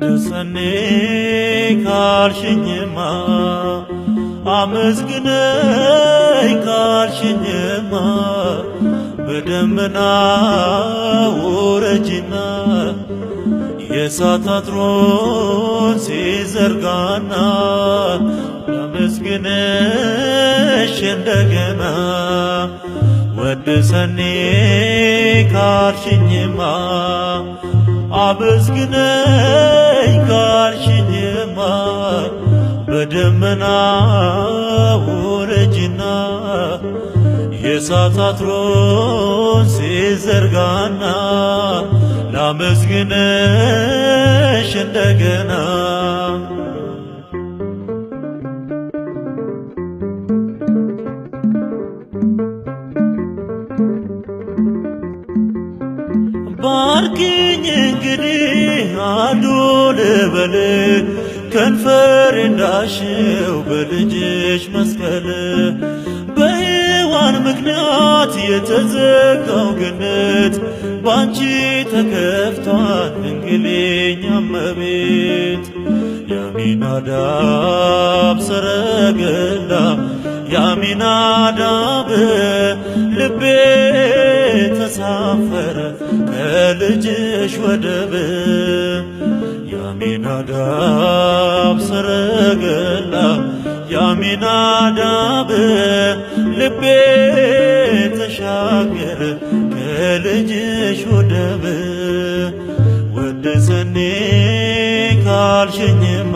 ቅድስኔ ካልሽኝማ አመስግነኝ ካልሽኝማ በደመና ውረጂና የእሳት አጥሩን ሲዘርጋና ላመስግንሽ እንደገና ወድሰኔ ካልሽኝማ አመስግነኝ ጋርሽኝማ በደመና ወረጅና የእሳት አትሮን ሲዘርጋና ላመስግነሽ እንደገና አውቅኝ እንግዲህ አንዱ ልበል ከንፈር እንዳሸው በልጅሽ መስቀል በሔዋን ምክንያት የተዘጋው ገነት ባንቺ ተከፍቷል። ድንግልኛ መቤት የአሚናዳብ ሰረገላ የአሚናዳብ ልቤ ያሳፈረ ከልጅሽ ወደብ የአሚናዳብ ሰረገላ የአሚናዳብ ልቤ ተሻገረ ከልጅሽ ወደብ ወደሰኔ ካልሽኝማ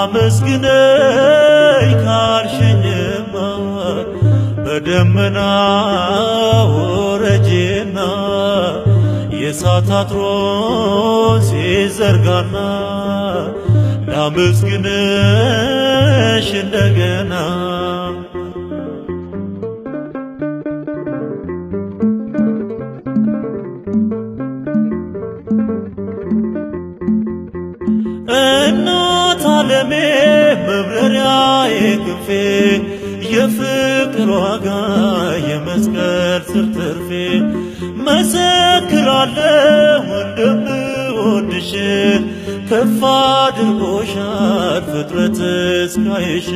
አመስግነኝ ካልሽኝ በደመና ወረጀና የእሳት አጥሩን ሲዘርጋና ላመስግንሽ እንደገና እናት አለሜ መብረሪያ የክንፌ የፍቅር ዋጋ የመስቀል ስር ትርፌ መሰክራለሁ እንደምወድሽ ከፍ አድርጎሻል ፍጥረት እስካይሽ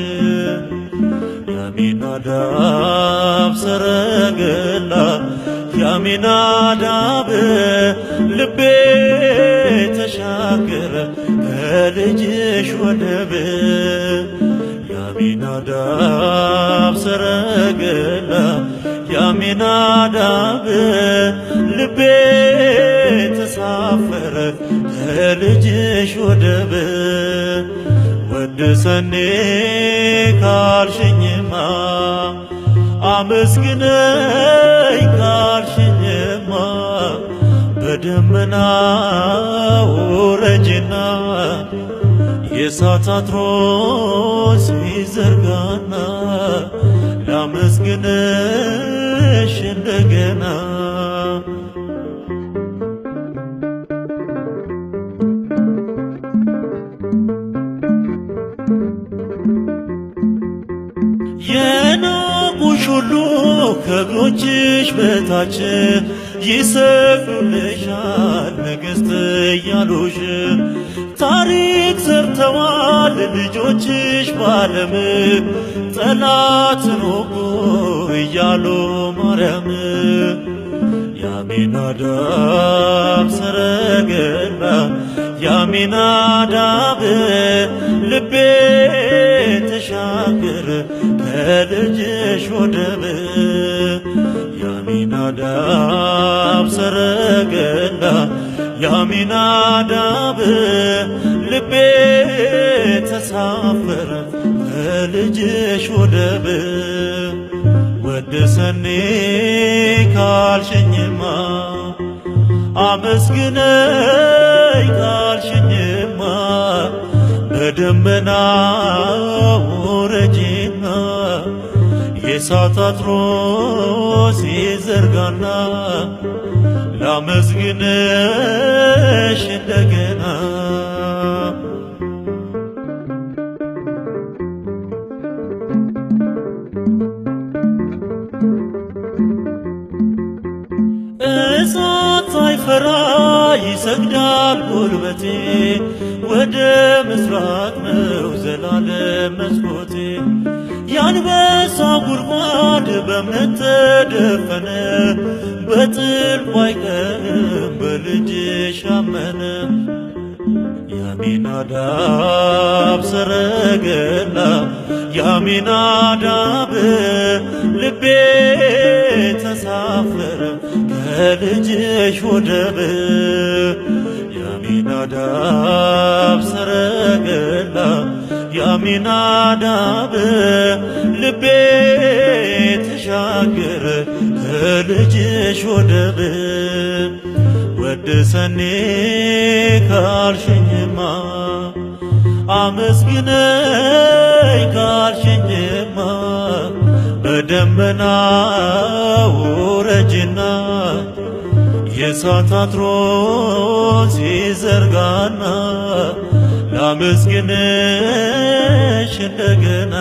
ያሚናዳብ ሰረገላ ያሚናዳብ ልቤ ተሻገረ በልጅሽ ወደብ አሚናዳብ ሰረገላ የአሚናዳብ ልቤ ተሳፈረ ከልጅሽ ወደብ ሰኔ ካልሽኝማ አመስግነኝ ካልሽኝማ በደመና ውረጅና የእሳት አጥሮን ሲዘርጋና ላመስግንሽ እንደገና የናቁሽ ሁሉ ከእግሮችሽ በታች ይሰፍሩልሻል ነገሥት እያሉሽ ታሪክ ሰርተዋል ልጆችሽ ባለም ጠላት ኖጎ እያሉ ማርያም ያሚናዳብ ሰረገላ ያሚናዳብ ልቤ ተሻገር ከልጅሽ ወደብ አሚናዳብ ሰረገላ የአሚናዳብ ልቤ ተሳፈረ በልጅሽ ወደብ ወደሰኔ ካልሽኝማ አመስግነይ ካልሽኝማ በደመና ወረጂና የእሳት አጥሮ ሲዘርጋና ላመስግንሽ እንደገና እሳት ሳይፈራ ይሰግዳል ጉልበቴ ወደ ምስራቅ ነው ዘላለም መስኮቴ የአንበሳ ጉድጓድ በእምነት ተደፈነ፣ በጽድቁ አይቀርም በልጅሽ አመነ። የአሚናዳብ ሰረገላ የአሚናዳብ ልቤ ተሳፈረ ከልጅሽ ወደብ የአሚናዳብ ሰረገላ የአሚናዳብ ልቤ ተሻገረ ከልጅሽ ወደብ ወድሰኔ ካልሽኝማ አመስግነኝ ካልሽኝማ በደመና ውረጅና የእሳት አትሮን ሲዘርጋና ላመስግንሽ እንደገና